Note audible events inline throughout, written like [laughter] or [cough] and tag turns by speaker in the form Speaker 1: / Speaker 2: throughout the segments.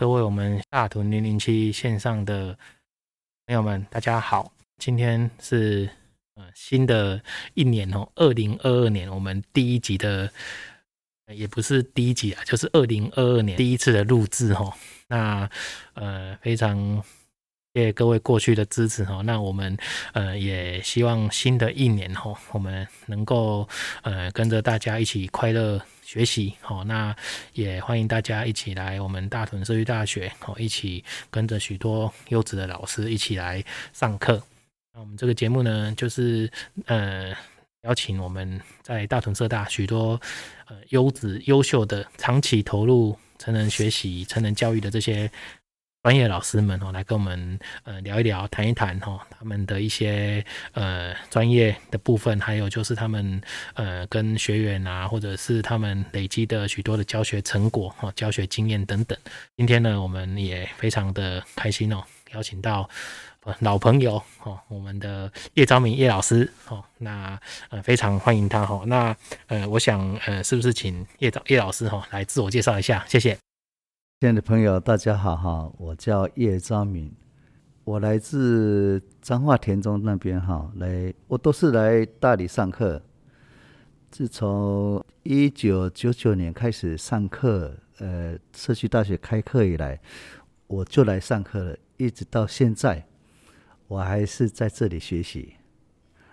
Speaker 1: 各位，我們大屯零零七線上的朋友們，大家好！今天是呃，新的一年哦，二零二二年，我們第一集的也不是第一集啊，就是二零二二年第一次的錄製哦。那呃，非常謝謝各位過去的支持哦、喔。那我們呃，也希望新的一年哦、喔，我們能夠呃，跟着大家一起快樂。學習好，那也歡迎大家一起來我們大屯社區大學，好，一起跟着許多優質的老師一起來上課。那我們這個節目呢，就是呃邀請我們在大屯社大許多呃優質優秀的長期投入成人學習、成人教育的這些。專業老師們哦，來跟我們呃聊一聊、談一談哦，他們的一些呃專業的部分，還有就是他們呃跟學員啊，或者是他們累積的許多的教學成果哈、教學經驗等等。今天呢，我們也非常的開心哦，邀請到老朋友哦，我們的葉昭民葉老師哦，那呃非常歡迎他哈，那呃我想呃是不是請葉葉老師哈來自我介紹一下，謝謝。
Speaker 2: 親愛的朋友，大家好哈！我叫葉昭民，我來自彰化田中那邊哈。來，我都是來大理上課。自從一九九九年開始上課，呃，社區大學開課以來，我就來上課了，一直到現在，我還是在這裡學習。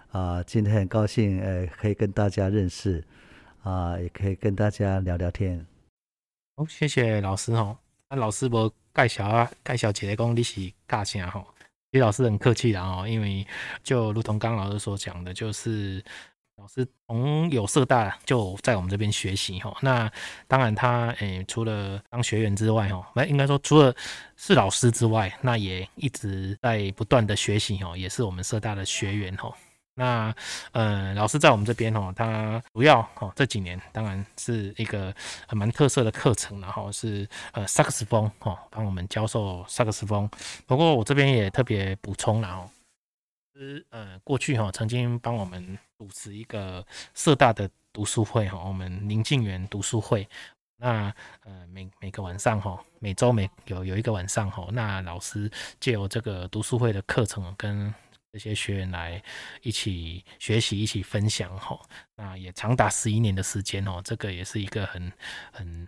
Speaker 2: 啊，今天很高興，呃，可以跟大家認識，啊，也可以跟大家聊聊天。
Speaker 1: 好、哦，謝謝老師吼。那、啊、老師無介紹啊，介紹起來講你是教啥吼？其實老師很客氣然後，因為就如同剛剛老師所講的，就是老師從有社大就在我們這邊學習吼。那當然他誒，除了當學員之外吼，那應該說除了是老師之外，那也一直在不斷的學習吼，也是我們社大的學員吼。那呃，老師在我們這邊哦，他主要哦這幾年當然是一個很蠻特色的課程，然後是呃薩克斯風哦，幫我們教授薩克斯風。不過我這邊也特別補充，然後是呃過去哈曾經幫我們主持一個社大的讀書會哈，我們寧靜園讀書會。那呃每每個晚上哈，每周每有有一個晚上哈，那老師借由這個讀書會的課程跟這些學員來一起學習、一起分享哈，那也長達十一年的時間哦，這個也是一個很很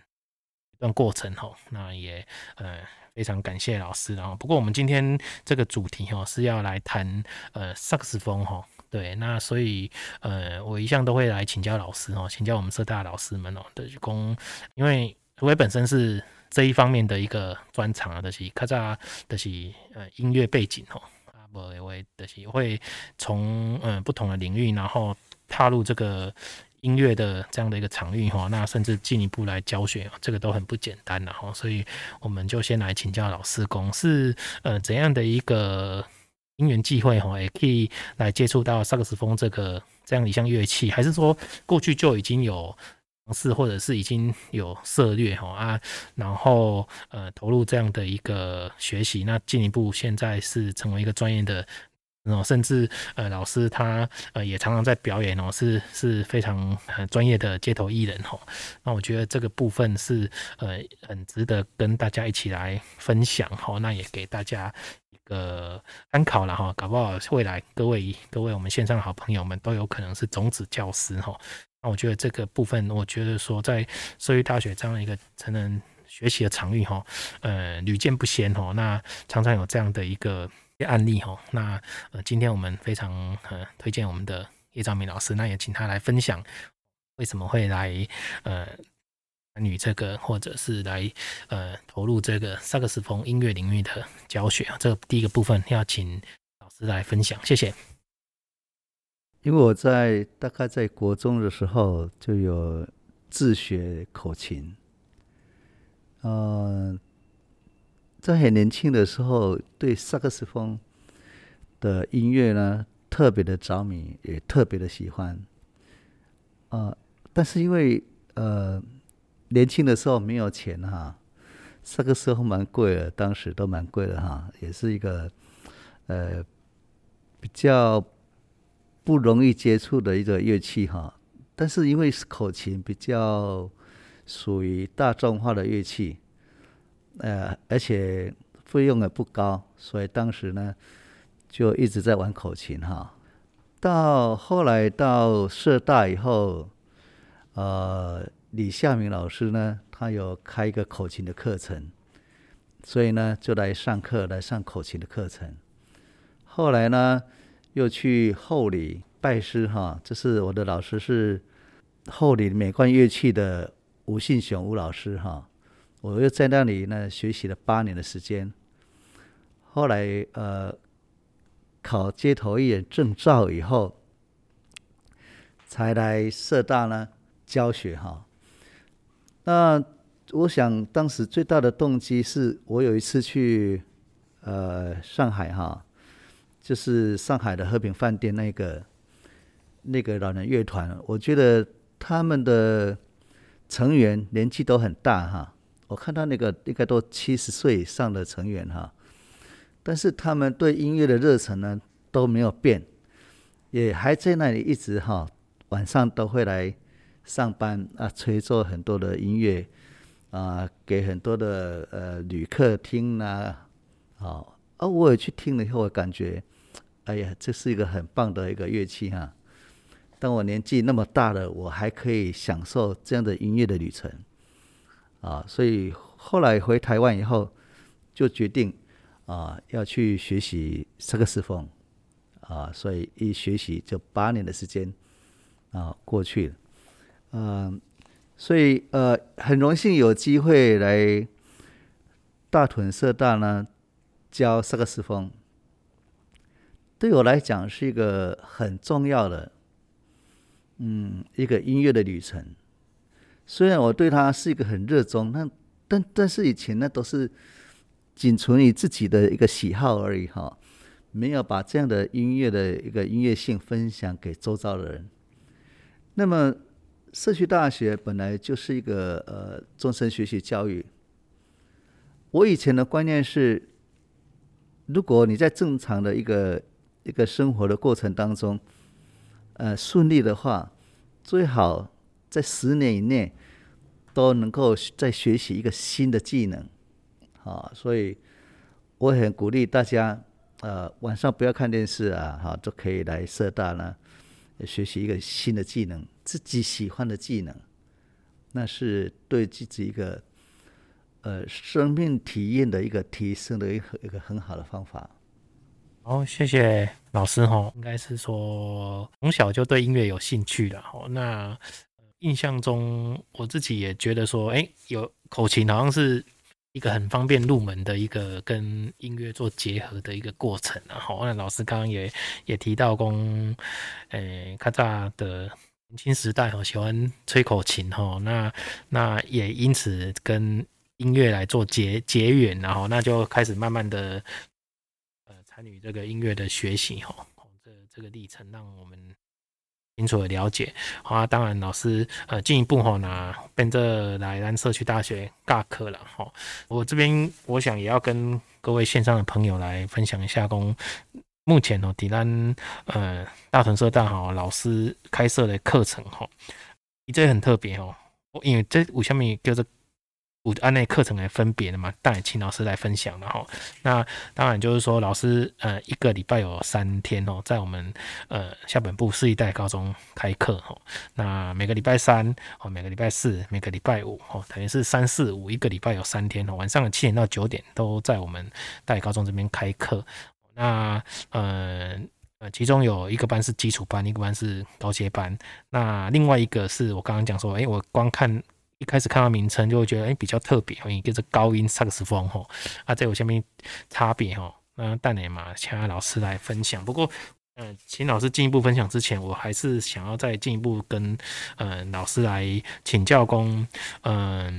Speaker 1: 一段過程哈。那也呃非常感謝老師，然後不過我們今天這個主題哦是要來談呃薩克斯風哈。對，那所以呃我一向都會來請教老師哦，請教我們社大老師們哦的、就是、因為我也本身是這一方面的一個專長啊，就是、的是客家的是呃音樂背景哦。我也會就是會從嗯不同的領域，然後踏入這個音樂的這樣的一個場域哈，那甚至進一步來教學，這個都很不簡單了哈，所以我們就先來請教老師公是嗯、呃、怎樣的一個因緣際會哈，也可以來接觸到薩克斯風這個這樣一項樂器，還是說過去就已經有？嘗試或者是已經有涉獵哈啊，然後呃投入這樣的一個學習，那進一步現在是成為一個專業的，那甚至呃老師他呃也常常在表演哦，是是非常呃、專業的街頭藝人哈、哦。那我覺得這個部分是呃很值得跟大家一起來分享哈、哦，那也給大家一個參考了哈、哦，搞不好未來各位各位我們線上的好朋友們都有可能是種子教師哈。哦我覺得這個部分，我覺得說在社會大學這樣一個成人學習的場域哈，呃，屢見不鮮哈。那常常有這樣的一個案例哈。那呃，今天我們非常呃推薦我們的葉昭民老師，那也請他來分享為什麼會來呃參與這個，或者是來呃投入這個薩克斯風音樂領域的教學，這個第一個部分要請老師來分享，謝謝。
Speaker 2: 因為我在大概在國中的時候就有自學口琴，呃，在很年輕的時候對薩克斯風的音樂呢特別的着迷，也特別的喜歡，呃，但是因為呃年輕的時候沒有錢哈，薩克斯風蠻貴的，當時都蠻貴的哈，也是一個呃比較。不容易接觸的一個樂器哈，但是因為口琴比較屬於大眾化的樂器，呃，而且費用也不高，所以當時呢就一直在玩口琴哈。到後來到社大以後，呃，李夏明老師呢，他有開一個口琴的課程，所以呢就來上課，來上口琴的課程。後來呢，又去后里拜師哈、啊，這是我的老師是後里美觀樂器的吳信雄吳老師哈、啊，我又在那裡呢學習了八年的時間，後來呃考街頭藝人證照以後，才來社大呢教學哈、啊。那我想當時最大的動機是我有一次去呃上海哈、啊。就是上海的和平飯店那個那個老人樂團，我覺得他們的成員年紀都很大哈，我看到那個應該都七十歲以上的成員哈，但是他們對音樂的熱忱呢都沒有變，也還在那裡一直哈，晚上都會來上班啊，吹奏很多的音樂啊，給很多的呃旅客聽呐。好，而我也去聽了以後，我感覺。哎呀，這是一個很棒的一個樂器哈、啊！當我年紀那麼大了，我還可以享受這樣的音樂的旅程啊！所以後來回臺灣以後，就決定啊要去學習薩克斯風啊！所以一學習就八年的時間啊過去了，嗯、啊，所以呃很榮幸有機會來大屯社大呢教薩克斯風。對我來講是一個很重要的，嗯，一個音樂的旅程。雖然我對它是一個很熱衷，那但但是以前呢，都是僅存於自己的一個喜好而已哈、哦，沒有把這樣的音樂的一個音樂性分享給周遭的人。那麼社區大學本來就是一個呃終身學習教育。我以前的觀念是，如果你在正常的一個一個生活的過程當中，呃，順利的話，最好在十年以內都能夠再學習一個新的技能，啊、哦，所以我很鼓勵大家，呃，晚上不要看電視啊，好、哦，就可以來社大呢學習一個新的技能，自己喜歡的技能，那是對自己一個呃生命體驗的一個提升的一個一個很好的方法。
Speaker 1: 好，謝謝老師哈，應該是說從小就對音樂有興趣了。哦，那印象中我自己也覺得說，哎、欸，有口琴好像是一個很方便入門的一個跟音樂做結合的一個過程啊。那老師剛剛也也提到過誒，卡、欸、紮的年輕時代哈，喜歡吹口琴哦，那那也因此跟音樂來做結結緣，然後那就開始慢慢的。參與這個音樂的學習，吼，這這個歷程讓我們清楚的了解。好啊，當然老師，呃，進一步吼拿跟着來大屯社區大學掛課了，吼。我這邊我想也要跟各位線上的朋友來分享一下，工目前哦，迪蘭呃，大屯社大好老師開設的課程，吼，這很特別哦，因為這五下面叫做。按那課程來分別的嘛，但也請老師來分享了哈。那當然就是說，老師呃，一個禮拜有三天哦，在我們呃校本部市立大理高中開課哈。那每個禮拜三哦，每個禮拜四，每個禮拜五哦，等於是三四五，一個禮拜有三天哦，晚上七點到九點都在我們大理高中這邊開課。那嗯呃，其中有一個班是基礎班，一個班是高階班，那另外一個是我剛剛講說，哎，我光看。一開始看到名稱就會覺得，哎、欸，比較特別，一個是高音薩克斯風，吼啊，在我下面差別，吼，那當然嘛，想要老師來分享。不過，嗯、呃，請老師進一步分享之前，我還是想要再進一步跟，嗯、呃，老師來請教公，嗯、呃，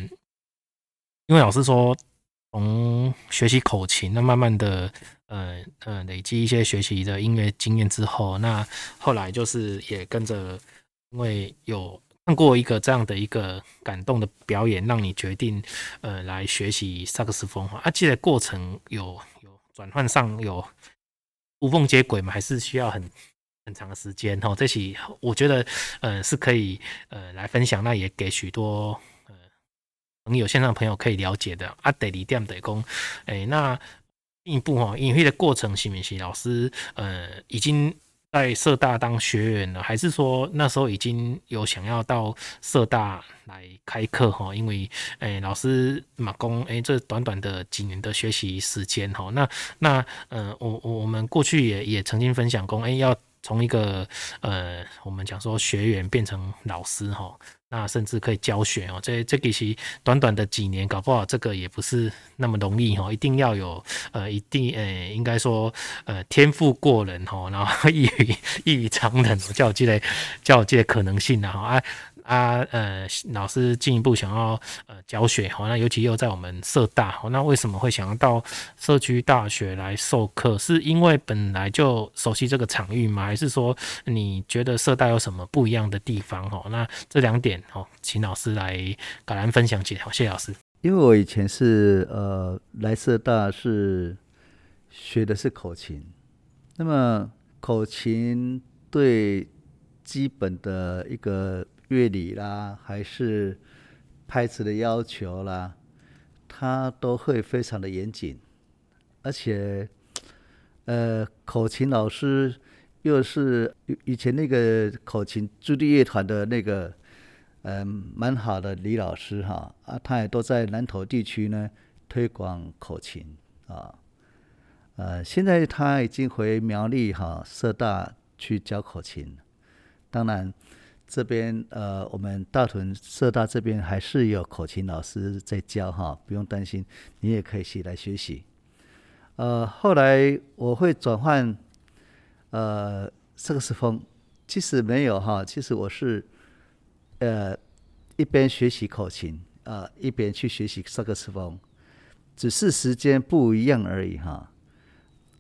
Speaker 1: 因為老師說，從學習口琴，那慢慢的，嗯、呃、嗯、呃，累積一些學習的音樂經驗之後，那後來就是也跟着，因為有。看過一個這樣的一個感動的表演，讓你決定，呃，來學習薩克斯風啊。而且過程有有轉換上有無縫接軌嘛，還是需要很很長的時間。吼，這期我覺得，呃，是可以呃來分享，那也給許多、呃、朋友線上朋友可以了解的。阿德里店的工，誒、欸，那進一步哦，隱喻的過程，是不是老師，呃，已經。在社大當學員呢，還是說那時候已經有想要到社大來開課哈？因為誒、欸、老師馬工誒，這短短的幾年的學習時間哈，那那嗯、呃，我我我們過去也也曾經分享過誒、欸，要。從一個呃，我們講說學員變成老師哈、哦，那甚至可以教學哦。這這其實短短的幾年，搞不好這個也不是那麼容易哦。一定要有呃，一定呃，應該說呃，天賦過人哈、哦，然後異於異於常人，才有這個才有這個可能性呢哈啊。啊啊，呃，老師進一步想要呃教學哈，那尤其又在我們社大哈，那為什麼會想要到社區大學來授課？是因為本來就熟悉這個場域嗎？還是說你覺得社大有什麼不一樣的地方哈？那這兩點哈，請老師來跟大家分享一下。謝謝老師。
Speaker 2: 因為我以前是呃來社大是學的是口琴，那麼口琴對基本的一個。樂理啦，還是拍子的要求啦，他都會非常的嚴謹，而且，呃，口琴老師又是以前那個口琴朱立樂團的那個，嗯、呃，蠻好的李老師哈、哦，啊，他也都在南投地區呢推廣口琴啊、哦，呃，現在他已經回苗栗哈社、哦、大去教口琴，當然，這邊呃，我們大屯社大這邊還是有口琴老師在教哈，不用擔心，你也可以起來學習。呃，後來我會轉換，呃，薩克斯風。其實沒有哈，其實我是呃一邊學習口琴啊，呃，一邊去學習薩克斯風，只是時間不一樣而已哈。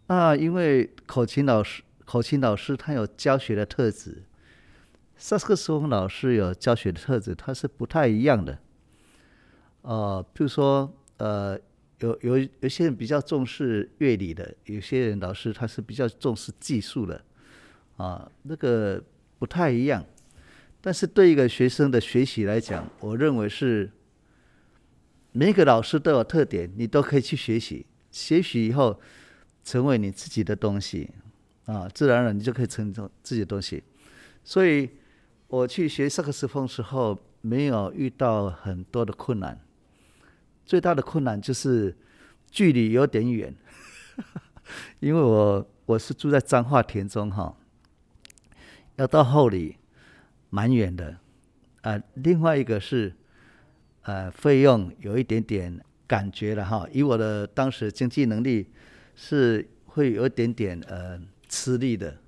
Speaker 2: 啊，因為口琴老師，口琴老師他有教學的特質。薩克斯風老師有教學的特質，他是不太一樣的。呃，比如說，呃，有有有些人比較重視樂理的，有些人老師他是比較重視技術的，啊、呃，那個不太一樣。但是對一個學生的學習來講，我認為是每一個老師都有特點，你都可以去學習，學習以後成為你自己的東西，啊、呃，自然而然你就可以成就自己的東西。所以。我去學薩克斯風的時候，沒有遇到很多的困難，最大的困難就是距離有點遠， [laughs] 因為我我是住在彰化田中哈，要到后里，蠻遠的，啊，另外一個是，呃，費用有一點點感覺了哈，以我的當時經濟能力是會有一點點呃吃力的，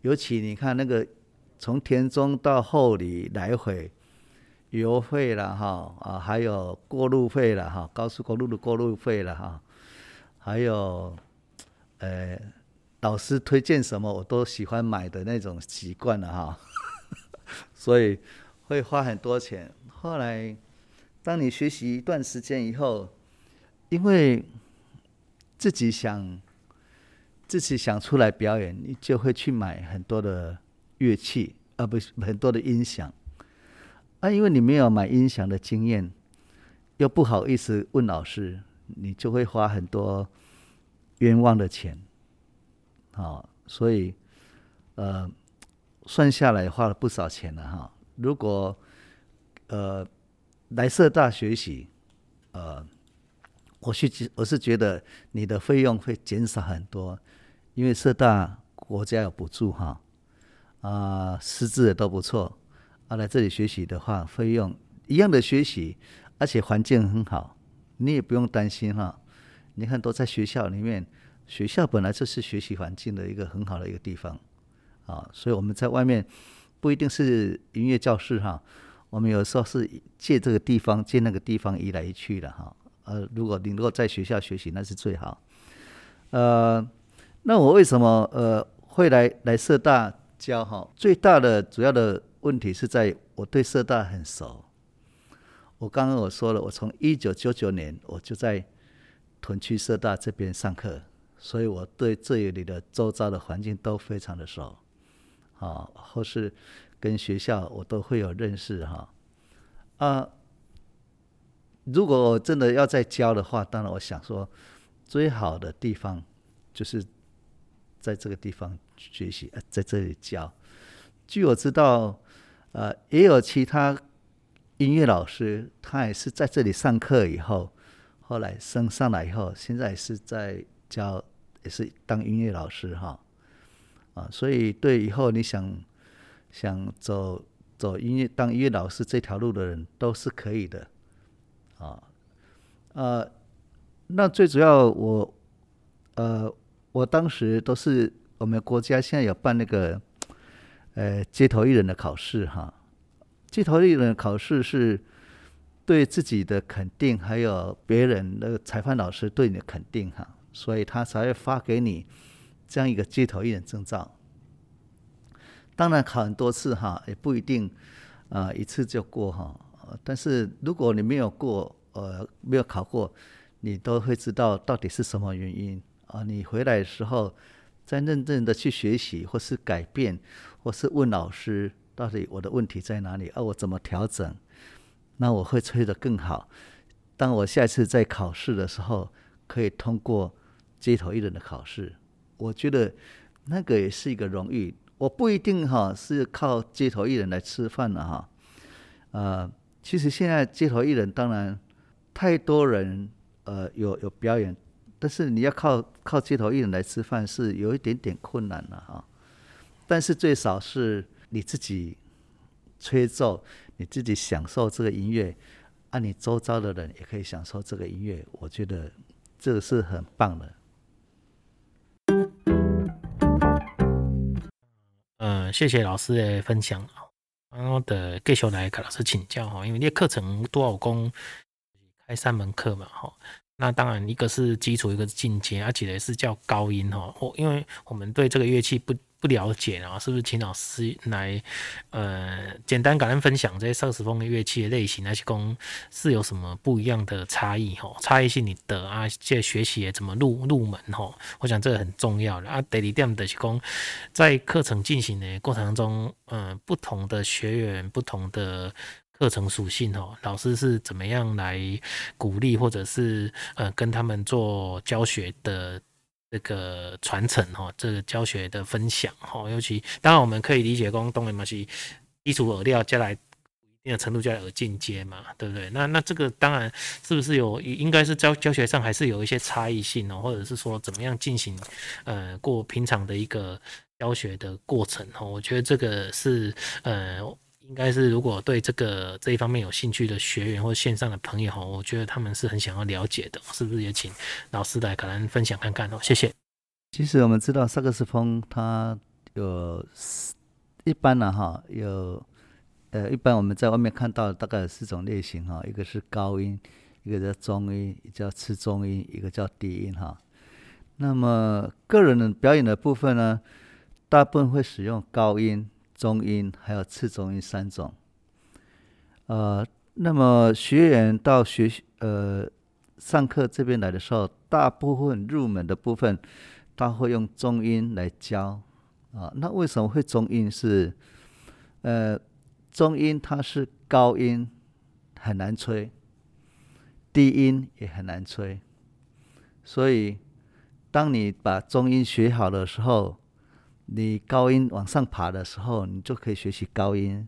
Speaker 2: 尤其你看那個。從田中到后里來回，油費了哈啊，還有過路費了哈，高速公路的過路費了哈，還有，呃，老師推薦什麼我都喜歡買的那種習慣了哈， [laughs] 所以會花很多錢。後來，當你學習一段時間以後，因為自己想自己想出來表演，你就會去買很多的。樂器啊，不是很多的音響啊，因為你沒有買音響的經驗，又不好意思問老師，你就會花很多冤枉的錢，好、哦，所以呃，算下來花了不少錢了哈、哦。如果呃來社大學習，呃，我是覺我是覺得你的費用會減少很多，因為社大國家有補助哈。哦啊、呃，師資也都不錯。啊，來這裡學習的話，費用一樣的學習，而且環境很好，你也不用擔心哈、哦。你看，都在學校裡面，學校本來就是學習環境的一個很好的一個地方啊、哦。所以我們在外面不一定是音樂教室哈、哦。我們有時候是借這個地方，借那個地方移來移去的哈、啊。呃，如果你如果在學校學習，那是最好。呃，那我為什麼呃會來來社大？教哈，最大的主要的問題是在我對社大很熟。我剛剛我說了，我從一九九九年我就在屯區社大這邊上課，所以我對這裡的周遭的環境都非常的熟，啊，或是跟學校我都會有認識哈。啊，如果我真的要再教的話，當然我想說，最好的地方就是在這個地方。學習啊，在這裡教。據我知道，呃，也有其他音樂老師，他也是在這裡上課以後，後來升上來以後，現在是在教，也是當音樂老師哈、哦。啊，所以對以後你想想走走音樂當音樂老師這條路的人，都是可以的。哦、啊，呃，那最主要我呃，我當時都是。我們國家現在有辦那個，呃，街頭藝人的考試哈。街頭藝人的考試是對自己的肯定，還有別人那個裁判老師對你的肯定哈，所以他才會發給你這樣一個街頭藝人證照。當然考很多次哈，也不一定啊，呃，一次就過哈。但是如果你沒有過，呃，沒有考過，你都會知道到底是什麼原因啊，呃。你回來的時候。在認真的去學習，或是改變，或是問老師，到底我的問題在哪裡？啊，而我怎麼調整？那我會吹得更好。當我下次在考試的時候，可以通過街頭藝人的考試，我覺得那個也是一個榮譽。我不一定哈是靠街頭藝人來吃飯的哈。呃，其實現在街頭藝人當然太多人，呃，有有表演。但是你要靠靠街頭藝人來吃飯是有一點點困難了，啊，哈，但是最少是你自己吹奏，你自己享受這個音樂，按、啊、你周遭的人也可以享受這個音樂，我覺得這個是很棒的。嗯、呃，謝謝老師的分享啊，我
Speaker 1: 的繼續來跟老師請教哈，因為那個課程多少公開三門課嘛哈。那當然一，一個是基礎，啊、一個是進階，而且也是叫高音吼、哦，因為我們對這個樂器不不了解啊，是不是？請老師來，呃，簡單感恩分享這些薩克斯風的樂器的類型，啊是講是有什麼不一樣的差異吼、哦？差異性你的啊，這學習怎麼入入門吼、哦？我想這個很重要的啊。第二點就是講在課程進行的過程當中，嗯、呃，不同的學員，不同的。課程屬性哦，老師是怎麼樣來鼓勵，或者是呃跟他們做教學的這個傳承哈、哦，這個教學的分享哈、哦，尤其當然我們可以理解，光東雷嘛基礎餌料，再來一定的程度來而進階嘛，對不對？那那這個當然是不是有應該是教教學上還是有一些差異性哦，或者是說怎麼樣進行呃過平常的一個教學的過程哈、哦，我覺得這個是呃。應該是，如果對這個這一方面有興趣的學員或線上的朋友哈，我覺得他們是很想要了解的，是不是？也請老師來可能分享看看哦，謝
Speaker 2: 謝。其實我們知道薩克斯風它有四一般呢、啊、哈，有呃一般我們在外面看到的大概有四種類型哈，一個是高音，一個叫中音，一個叫次中音，一個叫低音哈。那麼個人的表演的部分呢，大部分會使用高音。中音還有次中音三種，呃，那麼學員到學習呃上課這邊來的時候，大部分入門的部分，他會用中音來教啊、呃。那為什麼會中音是？呃，中音它是高音很難吹，低音也很難吹，所以當你把中音學好的時候。你高音往上爬的時候，你就可以學習高音。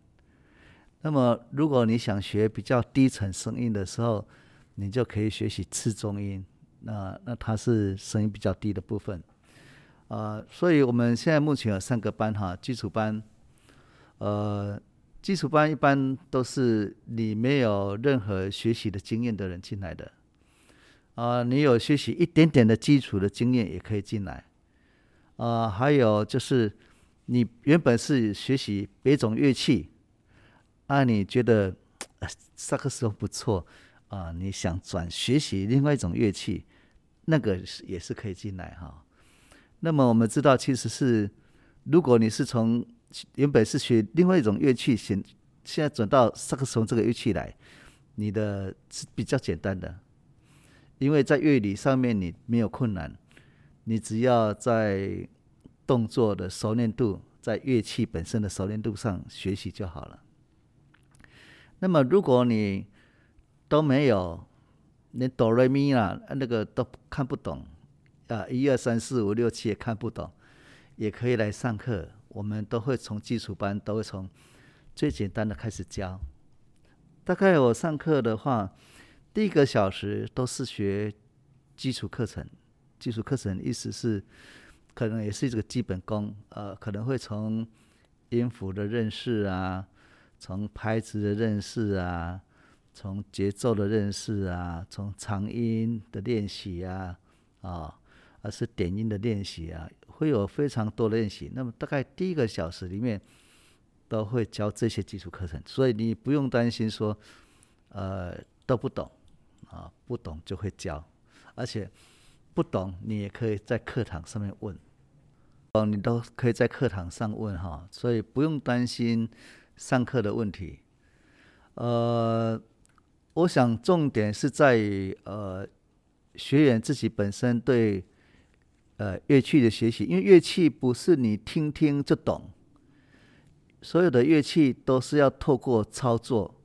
Speaker 2: 那麼，如果你想學比較低沉聲音的時候，你就可以學習次中音。那那它是聲音比較低的部分。啊、呃，所以我們現在目前有三個班哈，基礎班。呃，基礎班一般都是你沒有任何學習的經驗的人進來的。啊、呃，你有學習一點點的基礎的經驗也可以進來。啊、呃，還有就是，你原本是學習別種樂器，啊，你覺得、呃、薩克斯風不錯啊、呃，你想轉學習另外一種樂器，那個也是可以進來哈、哦。那麼我們知道，其實是如果你是從原本是學另外一種樂器，現現在轉到薩克斯風這個樂器來，你的是比較簡單的，因為在樂理上面你沒有困難。你只要在動作的熟練度，在樂器本身的熟練度上學習就好了。那麼，如果你都沒有連哆來咪啦那個都看不懂，啊，一二三四五六七也看不懂，也可以來上課。我們都會從基礎班，都會從最簡單的開始教。大概我上課的話，第一個小時都是學基礎課程。基礎課程的意思是，可能也是一個基本功，呃，可能會從音符的認識啊，從拍子的認識啊，從節奏的認識啊，從長音的練習啊，啊、哦，而是點音的練習啊，會有非常多的練習。那麼大概第一個小時裡面都會教這些基礎課程，所以你不用擔心說，呃，都不懂，啊、哦，不懂就會教，而且。不懂，你也可以在課堂上面問哦，你都可以在課堂上問哈，所以不用擔心上課的問題。呃，我想重點是在於呃學員自己本身對呃樂器的學習，因為樂器不是你聽聽就懂，所有的樂器都是要透過操作，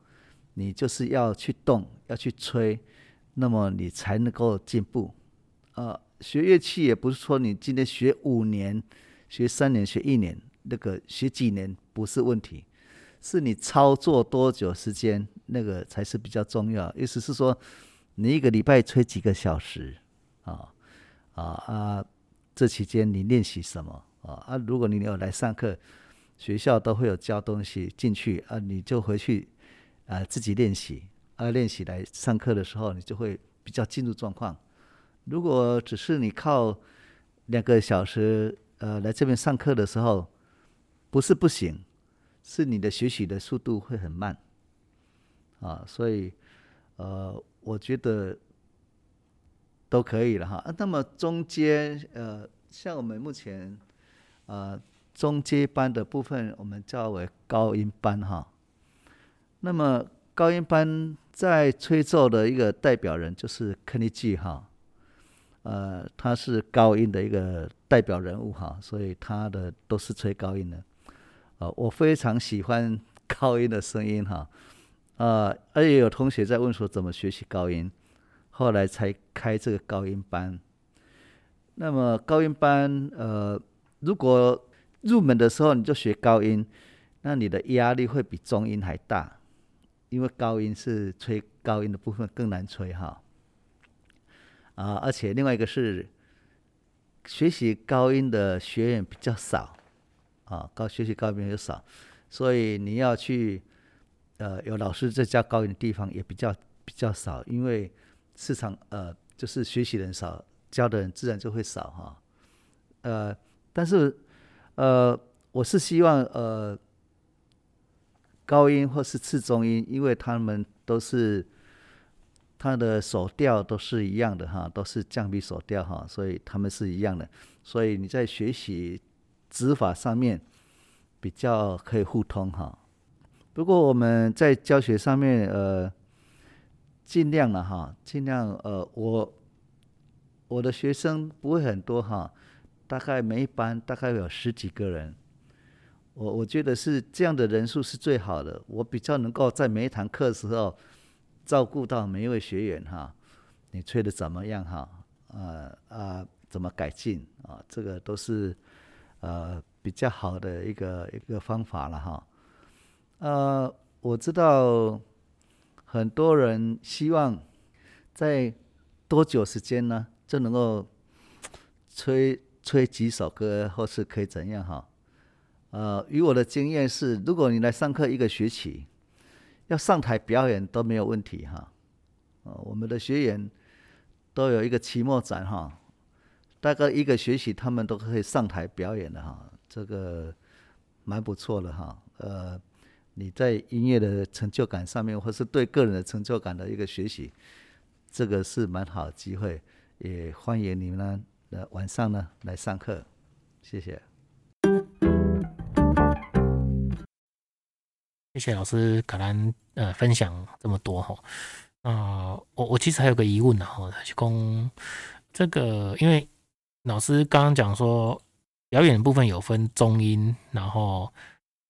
Speaker 2: 你就是要去動，要去吹，那麼你才能夠進步。呃、啊，學樂器也不是說你今天學五年、學三年、學一年，那個學幾年不是問題，是你操作多久時間那個才是比較重要。意思是說，你一個禮拜吹幾個小時，啊啊啊，這期間你練習什麼啊啊？如果你有來上課，學校都會有教東西進去啊，你就回去啊自己練習啊，練習來上課的時候你就會比較進入狀況。如果只是你靠兩個小時，呃，來這邊上課的時候，不是不行，是你的學習的速度會很慢，啊，所以，呃，我覺得都可以了哈、啊。那麼中間，呃，像我們目前，呃，中階班的部分，我們叫為高音班哈、啊。那麼高音班在吹奏的一個代表人就是肯尼基哈。呃，他是高音的一個代表人物哈，所以他的都是吹高音的。呃，我非常喜歡高音的聲音哈。呃，而且有同學在問說怎麼學習高音，後來才開這個高音班。那麼高音班，呃，如果入門的時候你就學高音，那你的壓力會比中音還大，因為高音是吹高音的部分更難吹哈。啊，而且另外一個是學習高音的學員比較少，啊，高，學習高音又少，所以你要去，呃，有老師在教高音的地方也比較比較少，因為市場呃，就是學習人少，教的人自然就會少哈，啊，呃，但是呃，我是希望呃高音或是次中音，因為他們都是。它的手調都是一樣的哈，都是降 B 手調哈，所以他們是一樣的，所以你在學習指法上面比較可以互通哈。不過我們在教學上面呃，盡量了哈，盡量呃，我我的學生不會很多哈，大概每一班大概有十幾個人，我我覺得是這樣的人數是最好的，我比較能夠在每一堂課的時候。照顧到每一位學員哈，你吹得怎麼樣哈？呃呃，怎麼改進啊？這個都是呃比較好的一個一個方法了哈。呃，我知道很多人希望在多久時間呢，就能夠吹吹幾首歌，或是可以怎樣哈？呃，以我的經驗是，如果你來上課一個學期。要上台表演都沒有問題哈，哦，我們的學員都有一個期末展哈、啊，大概一個學期他們都可以上台表演的、啊、哈，這個蠻不錯的哈、啊，呃，你在音樂的成就感上面，或是對個人的成就感的一個學習，這個是蠻好的機會，也歡迎你們呢晚上呢來上課，謝謝。
Speaker 1: 謝謝老師，可能呃分享這麼多哈，啊、呃，我我其實還有個疑問呢、啊、哈，這個，因為老師剛剛講說表演的部分有分中音，然後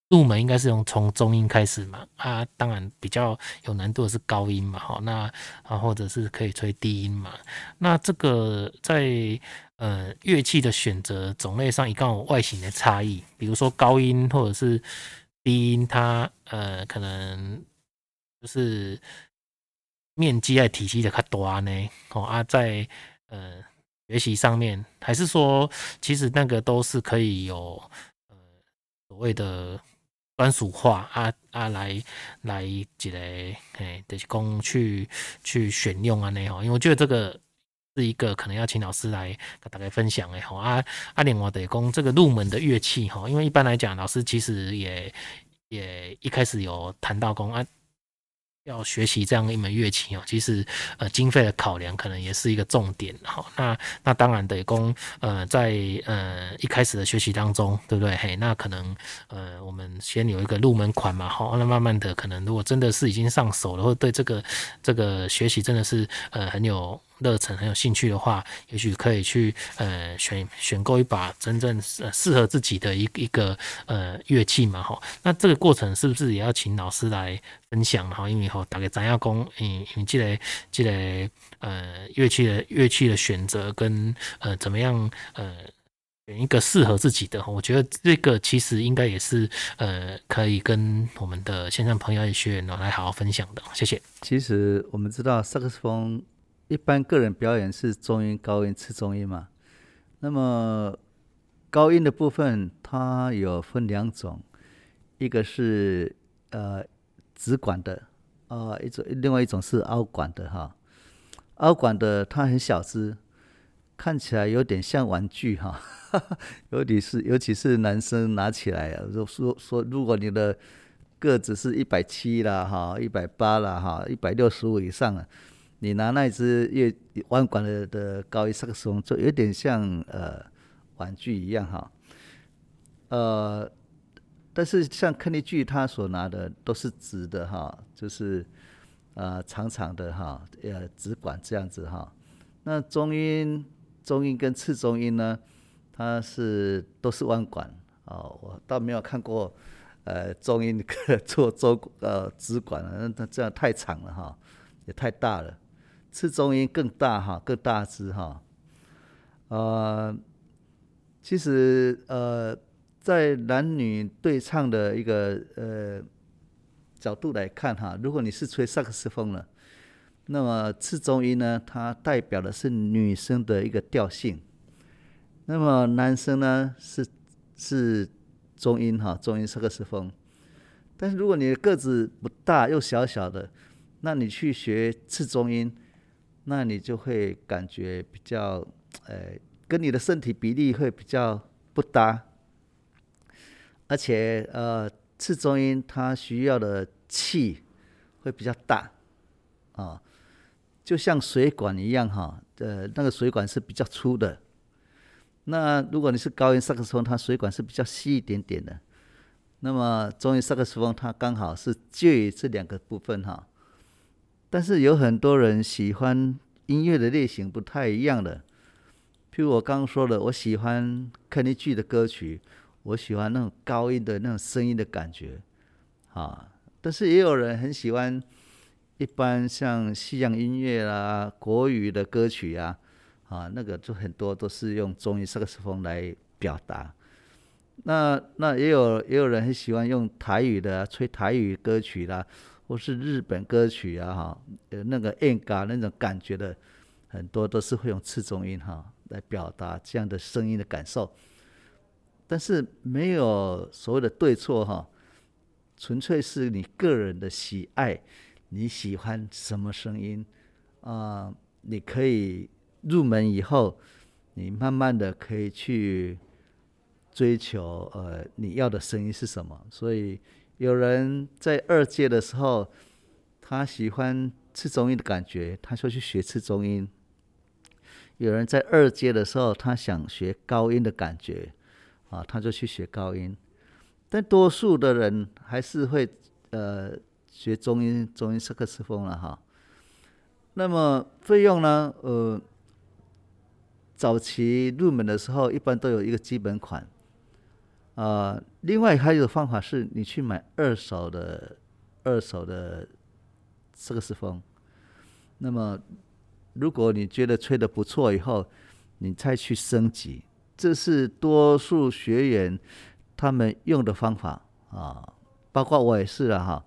Speaker 1: 入門應該是用從中音開始嘛，啊，當然比較有難度的是高音嘛，哈，那啊或者是可以吹低音嘛，那這個在呃樂器的選擇種類上，一樣有外形的差異，比如說高音或者是。低音它呃可能就是面積啊體積的更多呢？哦啊在呃學習上面還是說其實那個都是可以有呃所謂的專屬化啊，啊來來這類哎，就是去去選用啊，那哦因為我覺得這個。是一個可能要請老師來跟大家分享哎，好阿阿聯瓦德弓這個入門的樂器哈，因為一般來講，老師其實也也一開始有談到公安、啊、要學習這樣一門樂器哦，其實呃經費的考量可能也是一個重點哈。那那當然德弓呃在呃一開始的學習當中，對不對嘿？那可能呃我們先有一個入門款嘛哈，那慢慢的可能如果真的是已經上手了，或者對這個這個學習真的是呃很有。熱忱很有興趣的話，也許可以去呃選選購一把真正適適、呃、合自己的一個一個呃樂器嘛吼，那這個過程是不是也要請老師來分享？然後因為以打給咱亞工，嗯，積累積累呃樂器的樂器的選擇跟呃怎麼樣呃選一個適合自己的，我覺得這個其實應該也是呃可以跟我們的
Speaker 2: 線上朋友、學員呢來好好分享的。謝謝。其實我們知道薩克斯風。一般個人表演是中音、高音、次中音嘛。那麼高音的部分，它有分兩種，一個是呃直管的，啊一種另外一種是凹管的哈、啊。凹管的它很小隻，看起來有點像玩具哈，尤其是尤其是男生拿起來了、啊，說說如果你的個子是一百七啦，哈，一百八啦，哈，一百六十五以上了、啊。你拿那隻樂彎管的的高音薩克斯風，就有點像呃玩具一樣哈、哦。呃，但是像肯尼基他所拿的都是直的哈、哦，就是啊、呃、長長的哈、哦，呃直管這樣子哈、哦。那中音、中音跟次中音呢，它是都是彎管哦，我倒沒有看過呃中音 [laughs] 做中呃直管，那這樣太長了哈、哦，也太大了。次中音更大哈，更大隻哈。呃，其實呃，在男女對唱的一個呃角度來看哈，如果你是吹薩克斯風了，那麼次中音呢，它代表的是女生的一個調性。那麼男生呢，是是中音哈，中音薩克斯風。但是如果你的個子不大又小小的，那你去學次中音，那你就會感覺比較，呃，跟你的身體比例會比較不搭，而且呃，次中音它需要的氣會比較大，啊、哦，就像水管一樣哈、哦，呃，那個水管是比較粗的，那如果你是高音薩克斯風，它水管是比較細一點點的，那麼中音薩克斯風它剛好是介於這兩個部分哈、哦。但是有很多人喜歡音樂的類型不太一樣的，譬如我剛剛說的，我喜歡 Kenny G 的歌曲，我喜歡那種高音的那種聲音的感覺，啊！但是也有人很喜歡，一般像西洋音樂啦、國語的歌曲啊，啊，那個就很多都是用中音薩克斯風來表達。那那也有也有人很喜歡用台語的啊吹台語歌曲啦。或是日本歌曲啊，哈，呃，那個演歌那種感覺的，很多都是會用次中音哈來表達這樣的聲音的感受，但是沒有所謂的對錯哈、啊，純粹是你個人的喜愛，你喜歡什麼聲音，啊、呃，你可以入門以後，你慢慢的可以去追求，呃，你要的聲音是什麼，所以。有人在二階的時候，他喜歡次中音的感覺，他就去學次中音。有人在二階的時候，他想學高音的感覺，啊，他就去學高音。但多數的人還是會呃學中音，中音薩克斯風了哈、哦。那麼費用呢？呃，早期入門的時候，一般都有一個基本款，啊、呃。另外還有方法是，你去買二手的、二手的這個薩克斯風。那麼，如果你覺得吹得不錯以後，你再去升級。這是多數學員他們用的方法啊，包括我也是了哈。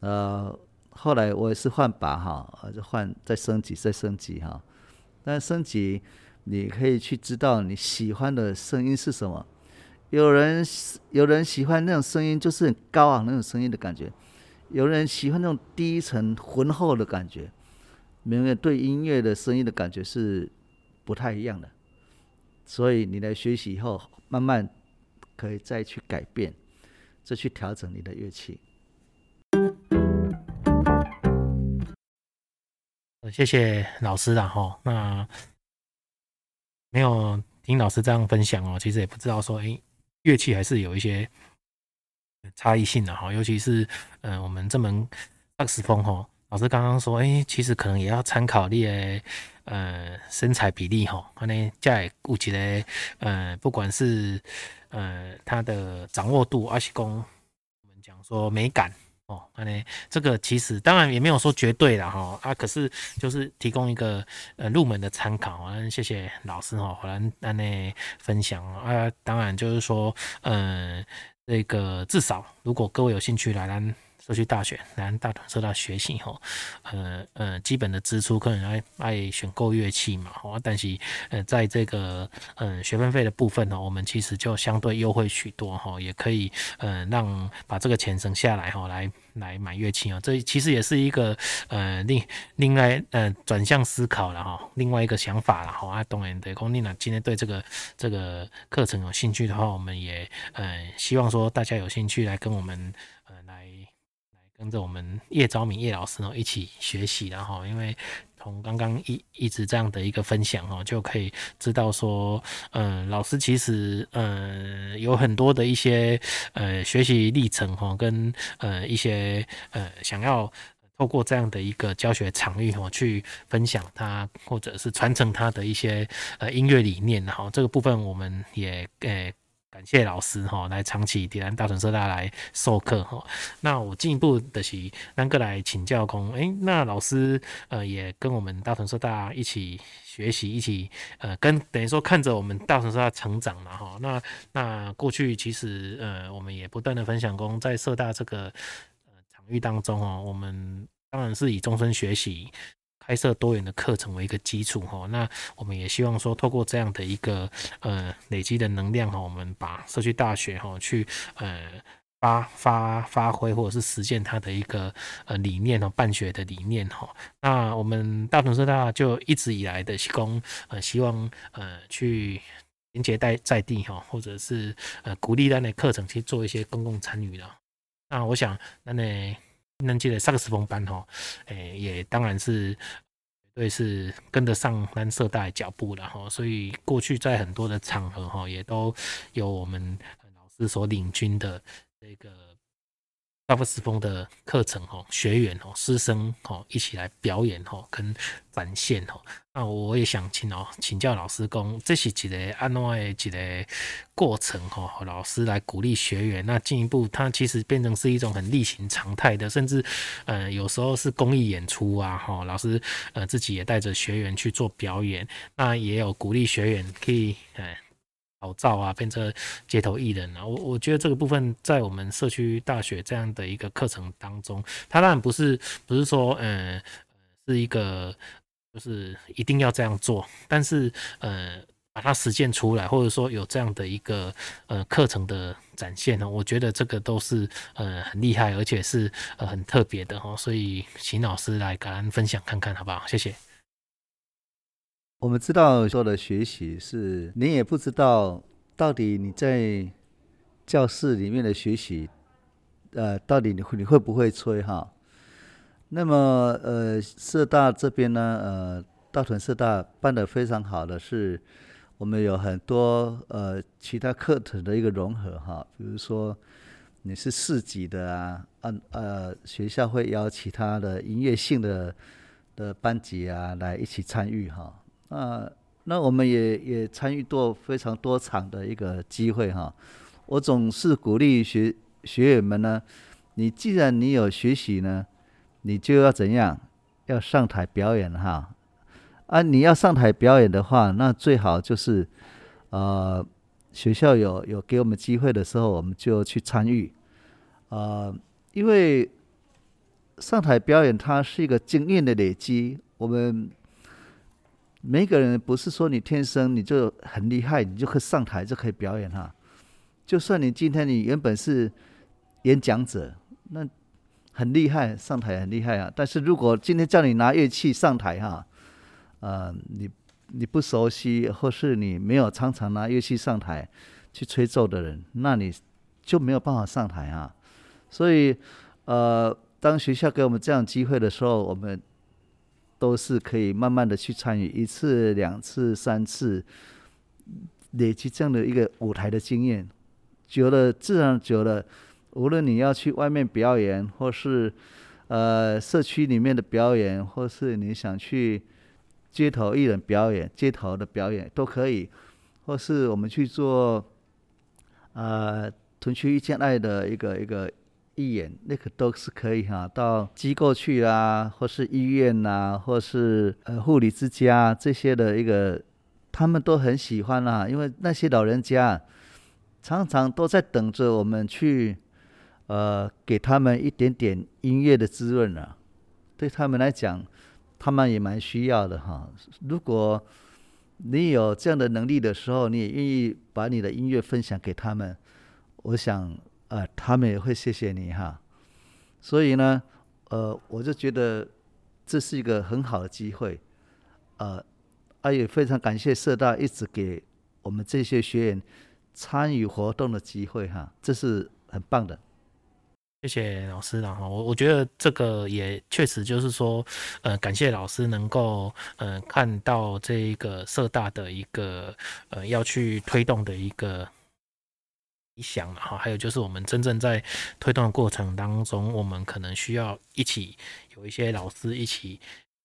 Speaker 2: 呃、啊，後來我也是換把哈、啊，就換再升級，再升級哈、啊。但升級，你可以去知道你喜歡的聲音是什麼。有人有人喜歡那種聲音，就是很高昂那種聲音的感覺；有人喜歡那種低沉渾厚的感覺。每個人對音樂的聲音的感覺是不太一樣的，所以你來學習以後，慢慢可以再去改變，再去調整你的樂器。
Speaker 1: 謝謝老師啊！哈，那沒有聽老師這樣分享哦，其實也不知道說，欸樂器還是有一些差異性的哈，尤其是呃，我們這門薩克斯風哈，老師剛剛說，誒、欸，其實可能也要參考你的呃身材比例哈，可能再顧起的呃，不管是呃他的掌握度，而且跟我們講說美感。哦，安尼，這個其實當然也沒有說絕對啦。哈，啊，可是就是提供一個呃入門的參考。啊謝謝老師哈，回、哦、來安內分享啊，當然就是說，嗯、呃，那、這個至少如果各位有興趣來蘭。來說去大學，然後大屯說到學習吼，呃呃，基本的支出可能愛愛選購樂器嘛，啊，但是呃，在這個嗯、呃、學分費的部分呢、哦，我們其實就相對優惠許多吼、哦，也可以呃讓把這個錢省下來吼、哦，來來買樂器啊、哦，這其實也是一個呃另另外呃轉向思考了哈，另外一個想法了哈啊，當然對，如果你今天對這個這個課程有興趣的話，我們也呃希望說大家有興趣來跟我們。跟着我們葉昭民葉老師哦一起學習，然後因為從剛剛一一直這樣的一個分享哦，就可以知道說，嗯、呃，老師其實嗯、呃，有很多的一些呃學習歷程哈，跟呃一些呃想要透過這樣的一個教學場域哦去分享他或者是傳承他的一些呃音樂理念，然後這個部分我們也給。呃感謝老師哈，來長期點燃大屯社大來授課哈。那我進一步的是，那個來請教工，哎，那老師呃也跟我們大屯社大一起學習，一起呃跟等於說看着我們大屯社大成長嘛哈、啊。那那過去其實呃我們也不斷的分享工，在社大這個呃場域當中哦、啊，我們當然是以終身學習。開設多元的課程為一個基礎哈、哦，那我們也希望說，透過這樣的一個呃累積的能量哈、哦，我們把社區大學哈、哦、去呃發發發揮或者是實踐它的一個呃理念、哦、辦學的理念哈、哦。那我們大屯社大就一直以來的希供，呃希望呃去連接待在地哈、哦，或者是呃鼓勵它的課程去做一些公共參與的。那我想那那。能、嗯、記得薩克斯風班哈、哦，誒，也當然是絕對是跟得上藍色帶腳步的哈、哦，所以過去在很多的場合哈、哦，也都有我們老師所領軍的這個。薩克斯風的課程吼，學員吼，師生吼，一起來表演吼，跟展現吼。那我也想請哦，請教老師講，這是一個安怎的一個過程吼？老師來鼓勵學員，那進一步，他其實變成是一種很例行常態的，甚至、呃、有時候是公益演出啊，吼，老師呃自己也帶着學員去做表演，那也有鼓勵學員可以老趙啊，變成街頭藝人啊。我我覺得這個部分在我們社區大學這樣的一個課程當中，他當然不是不是說，嗯、呃，是一個就是一定要這樣做，但是呃，把它實踐出來，或者說有這樣的一個呃課程的展現呢，我覺得這個都是呃很厲害，而且是呃很特別的哈、喔。所以請老師來跟我們分享看看，好不好？謝謝。
Speaker 2: 我們知道說的學習是，你也不知道到底你在教室裡面的學習，呃，到底你會你會不會吹哈？那麼呃，社大這邊呢，呃，大屯社大辦的非常好的是，我們有很多呃其他課程的一個融合哈，比如說你是四級的啊，嗯，呃學校會邀其他的音樂性的的班級啊來一起參與哈。啊，那我們也也參與過非常多場的一個機會哈、啊。我總是鼓勵學學員們呢，你既然你有學習呢，你就要怎樣？要上台表演哈、啊。啊，你要上台表演的話，那最好就是，呃，學校有有給我們機會的時候，我們就去參與。呃，因為上台表演它是一個經驗的累積，我們。每個人不是說你天生你就很厲害，你就可以上台就可以表演哈。就算你今天你原本是演講者，那很厲害，上台很厲害啊。但是如果今天叫你拿樂器上台哈、呃，你你不熟悉，或是你沒有常常拿樂器上台去吹奏的人，那你就沒有辦法上台啊。所以，呃，當學校給我們這樣機會的時候，我們。都是可以慢慢的去參與一次、兩次、三次，累積這樣的一個舞台的經驗。覺得自然覺得，無論你要去外面表演，或是呃社區裡面的表演，或是你想去街頭藝人表演、街頭的表演都可以，或是我們去做呃“同學遇見愛”的一個一個。一眼那個都是可以哈、啊，到機構去啦、啊，或是醫院吶、啊，或是呃護理之家這些的一個，他們都很喜歡啦、啊，因為那些老人家常常都在等着我們去，呃，給他們一點點音樂的滋潤呢、啊。對他們來講，他們也蠻需要的哈、啊。如果你有這樣的能力的時候，你也願意把你的音樂分享給他們，我想。呃，他們也會謝謝你哈，所以呢，呃，我就覺得這是一個很好的機會，呃，啊，也非常感謝社大一直給我們這些學員參與活動的機會哈，這是很棒的，
Speaker 1: 謝謝老師，啊，了哈，我我覺得這個也確實就是說，呃，感謝老師能夠，呃，看到這一個社大的一個，呃，要去推動的一個。你想的哈，還有就是我們真正在推動的過程當中，我們可能需要一起有一些老師一起。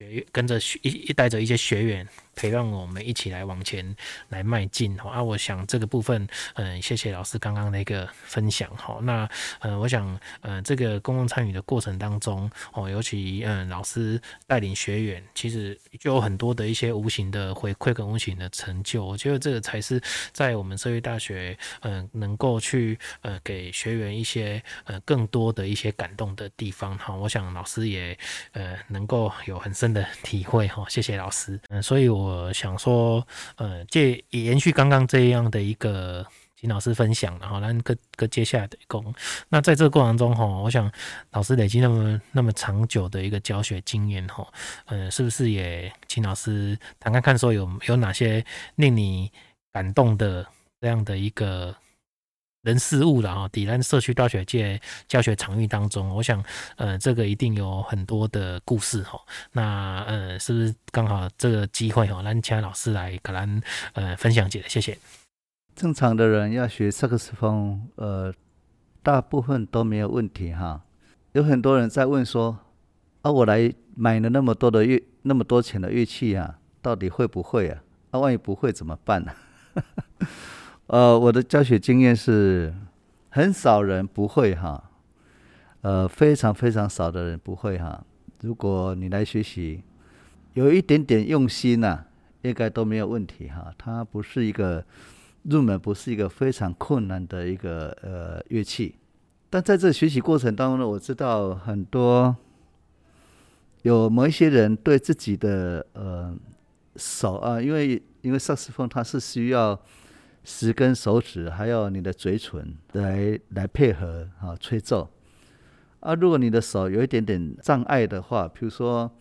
Speaker 1: 學跟着學一一帶着一些學員陪伴我們一起來往前來邁進啊，我想這個部分嗯，謝謝老師剛剛那個分享，好，那嗯、呃，我想嗯、呃，這個公共參與的過程當中哦，尤其嗯、呃，老師帶領學員，其實就有很多的一些無形的回饋跟無形的成就。我覺得這個才是在我們社會大學嗯、呃，能夠去呃給學員一些呃更多的一些感動的地方，好，哦，我想老師也呃能夠有很深。的體會哈，謝謝老師。嗯，所以我想說，呃、嗯，借以延續剛剛這樣的一個請老師分享，然後來各各接下來的工。那在這個過程中哈，我想老師累積那麼那麼長久的一個教學經驗哈，嗯，是不是也請老師談看看說有有哪些令你感動的這樣的一個？人事物了哈，大屯社區大學界教學場域當中，我想，呃，這個一定有很多的故事吼、哦，那，呃，是不是剛好這個機會吼、哦，讓其他老師來可能，呃，分享幾個？謝謝。
Speaker 2: 正常的人要學薩克斯風，呃，大部分都沒有問題哈、啊。有很多人在問說，啊，我來買了那麼多的樂，那麼多錢的樂器啊，到底會不會啊？那、啊、萬一不會怎麼辦呢、啊？ [laughs] 呃，我的教學經驗是，很少人不會哈、啊，呃，非常非常少的人不會哈、啊。如果你來學習，有一點點用心吶、啊，應該都沒有問題哈、啊。它不是一個入門，不是一個非常困難的一個呃樂器。但在這學習過程當中呢，我知道很多有某一些人對自己的呃手啊，因為因為薩克斯風它是需要。十根手指，還有你的嘴唇來來配合啊，吹奏啊。如果你的手有一點點障礙的話，比如說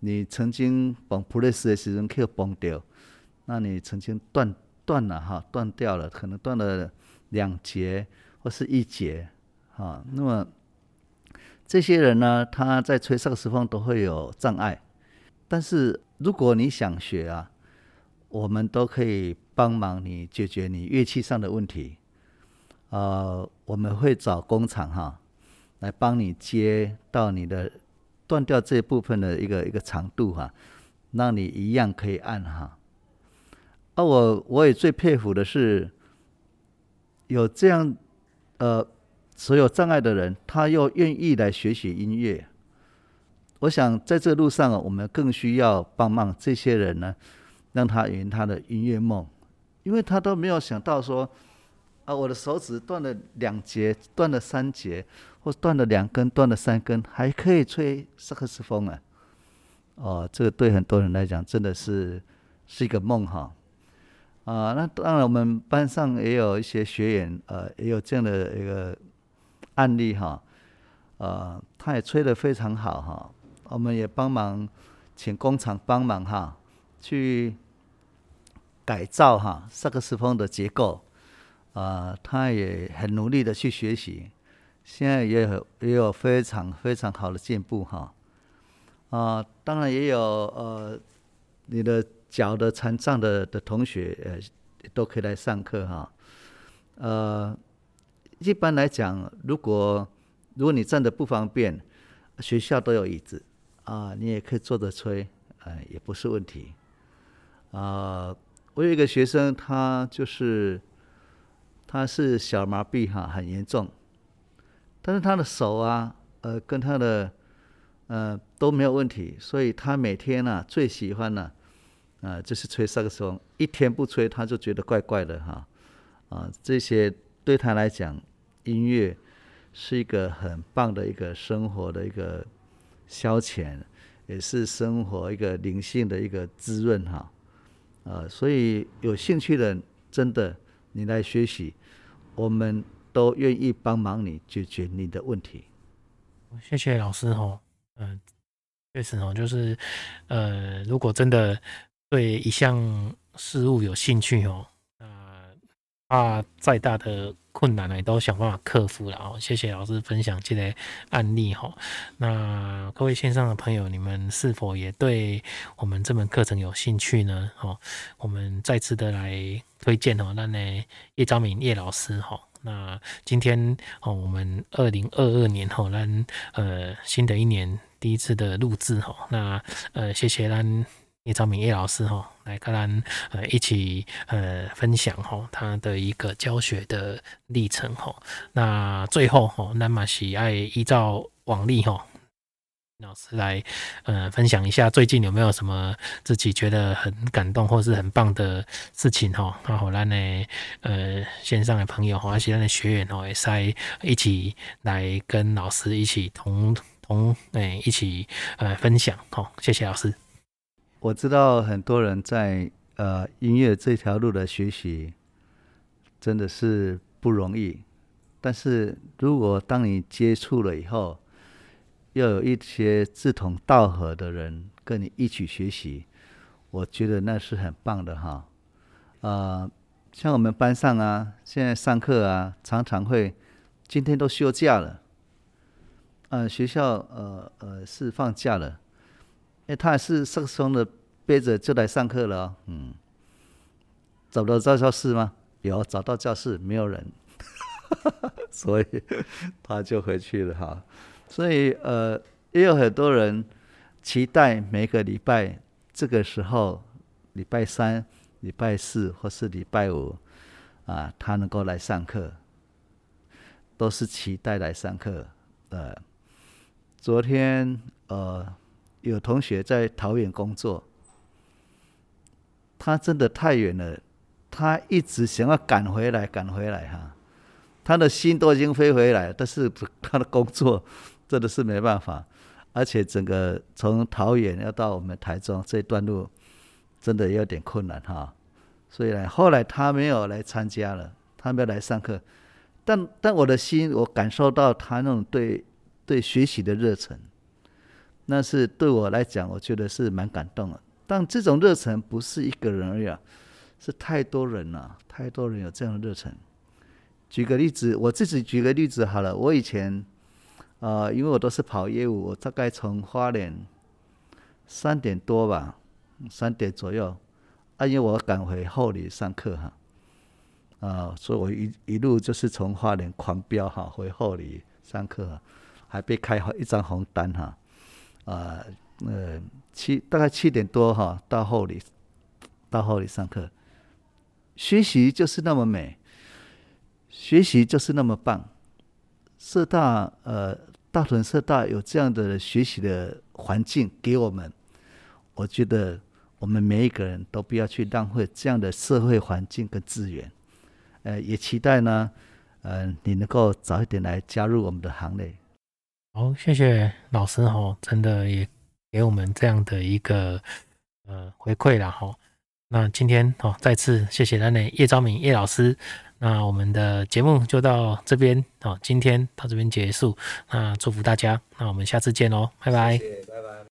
Speaker 2: 你曾經綁普雷斯的時候被綁掉，那你曾經斷斷了哈，斷掉了，可能斷了兩節或是一節啊。那麼這些人呢，他在吹奏的時候都會有障礙。但是如果你想學啊，我們都可以。幫忙你解決你樂器上的問題，呃，我們會找工廠哈、啊，來幫你接到你的斷掉這部分的一個一個長度哈、啊，讓你一樣可以按哈、啊。而、啊、我我也最佩服的是，有這樣呃所有障礙的人，他又願意來學習音樂。我想在這路上啊，我們更需要幫忙這些人呢，讓他圓他的音樂夢。因為他都沒有想到說，啊，我的手指斷了兩節，斷了三節，或斷了兩根，斷了三根，還可以吹薩克斯風啊！哦，這個對很多人來講真的是是一個夢哈、啊。啊，那當然我們班上也有一些學員，呃，也有這樣的一個案例哈、啊。呃，他也吹得非常好哈、啊，我們也幫忙請工廠幫忙哈、啊，去。改造哈，薩克斯風的結構，啊、呃，他也很努力的去學習，現在也也有非常非常好的進步哈，啊、呃，當然也有呃，你的腳的殘障的的同學呃，都可以來上課哈，呃，一般來講，如果如果你站的不方便，學校都有椅子啊、呃，你也可以坐着吹，哎、呃，也不是問題，啊、呃。我有一個學生，他就是，他是小麻痹哈，很嚴重，但是他的手啊，呃，跟他的，呃，都沒有問題，所以他每天呢、啊，最喜歡呢、啊，呃就是吹薩克斯風，一天不吹他就覺得怪怪的哈、啊，啊，這些對他來講，音樂是一個很棒的一個生活的一個消遣，也是生活一個靈性的一個滋潤哈。啊呃，所以有興趣的人，真的，你來學習，我們都願意幫忙你解決你的問題。
Speaker 1: 謝謝老師哦，嗯，確實哦，就是，呃，如果真的對一項事物有興趣哦。啊，再大的困難呢，都想辦法克服了哦。謝謝老師分享這類案例哈。那各位線上的朋友，你們是否也對我們這門課程有興趣呢？哦，我們再次的來推薦哦。那呢，葉昭民葉老師哈。那今天哦，我們二零二二年哦，那呃，新的一年第一次的錄製哈。那呃，謝謝那。葉昭民葉老師哈，來跟咱呃一起呃分享哈，他的一個教學的歷程哈。那最後哈，那麼喜愛依照往例哈，老師來呃分享一下最近有沒有什麼自己覺得很感動或是很棒的事情哈。那後來呢呃線上的朋友哈，而且的學員哦，也是一起來跟老師一起同同誒一起呃分享哈。謝謝老師。
Speaker 2: 我知道很多人在呃音樂這條路的學習真的是不容易，但是如果當你接觸了以後，要有一些志同道合的人跟你一起學習，我覺得那是很棒的哈。呃，像我們班上啊，現在上課啊，常常會今天都休假了，嗯、呃，學校呃呃是放假了。哎，他是生傷的背着就來上課了，哦，嗯，找到教室嗎？有，找到教室，沒有人， [laughs] 所以他就回去了哈。所以呃，也有很多人期待每個禮拜這個時候，禮拜三、禮拜四或是禮拜五啊，呃，他能夠來上課，都是期待來上課。呃，昨天呃。有同學在桃園工作，他真的太遠了，他一直想要趕回來，趕回來哈，他的心都已經飛回來，但是他的工作真的是沒辦法，而且整個從桃園要到我們台中這一段路，真的有點困難哈，所以後來他沒有來參加了，他沒有來上課，但但我的心我感受到他那種對對學習的熱忱。那是對我來講，我覺得是蠻感動的。但這種熱忱不是一個人而已，啊，是太多人了，啊，太多人有這樣的熱忱。舉個例子，我自己舉個例子好了。我以前，啊、呃，因為我都是跑業務，我大概從花蓮三點多吧，三點左右，啊、因為我趕回后里上課哈，啊、呃，所以我一一路就是從花蓮狂飆哈回后里上課，還被開一張紅單哈。啊，呃，七大概七點多哈，到后里，到后里上課，學習就是那麼美，學習就是那麼棒。社大呃，大屯社大有這樣的學習的環境給我們，我覺得我們每一個人都不要去浪費這樣的社會環境跟資源。呃，也期待呢，呃，你能夠早一點來加入我們的行列。好，謝謝老
Speaker 1: 師哈，真的也給我們這樣的一個呃回饋啦。哈。那今天哈再次謝謝咱的葉昭民葉老師，那我們的節目就到這邊哈，今天到這邊結束。那祝福大家，那我們下次見哦，拜拜，謝謝拜拜。